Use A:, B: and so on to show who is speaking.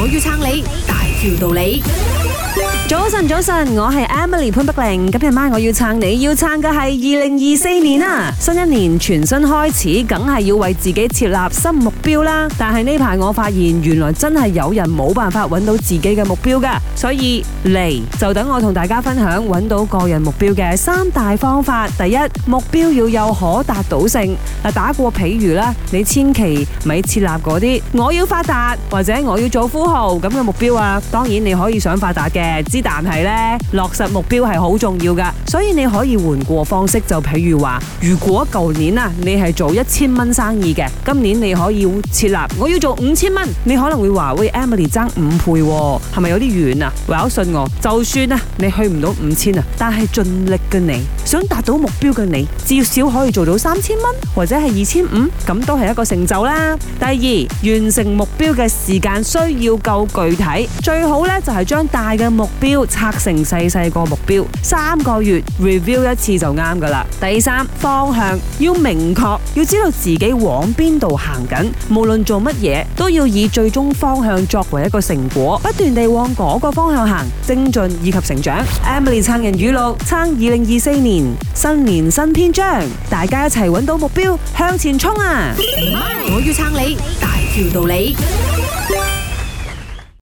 A: 我要撐你，大條道理。早
B: 晨，早晨，我係 Emily 潘碧玲。今日晚我要撐，你要撐嘅係二零二四年啊！新一年全新開始，梗係要為自己設立新目標啦。但係呢排我發現，原來真係有人冇辦法揾到自己嘅目標噶。所以嚟就等我同大家分享揾到個人目標嘅三大方法。第一，目標要有可達到性。打過譬如啦，你千祈唔係設立嗰啲我要發達或者我要做富豪咁嘅目標啊。當然你可以想發達嘅。但係咧，落實目標係好重要噶，所以你可以換過方式，就譬如話，如果舊年啊，你係做一千蚊生意嘅，今年你可以設立我要做五千蚊，你可能會話喂，Emily 爭五倍喎，係咪有啲遠啊？唯有信我，就算啊，你去唔到五千啊，但係盡力嘅你想達到目標嘅你，至少可以做到三千蚊或者係二千五，咁都係一個成就啦。第二，完成目標嘅時間需要夠具體，最好咧就係將大嘅目標。要拆成細細個目標，三個月 review 一次就啱㗎喇。第三，方向要明確，要知道自己往邊度行緊。無論做乜嘢，都要以最終方向作為一個成果，不斷地往嗰個方向行，精進以及成長。Emily 撐人語錄，撐二零二四年新年新篇章，大家一齊搵到目
A: 標，向前衝啊！我要撐你，大條道理。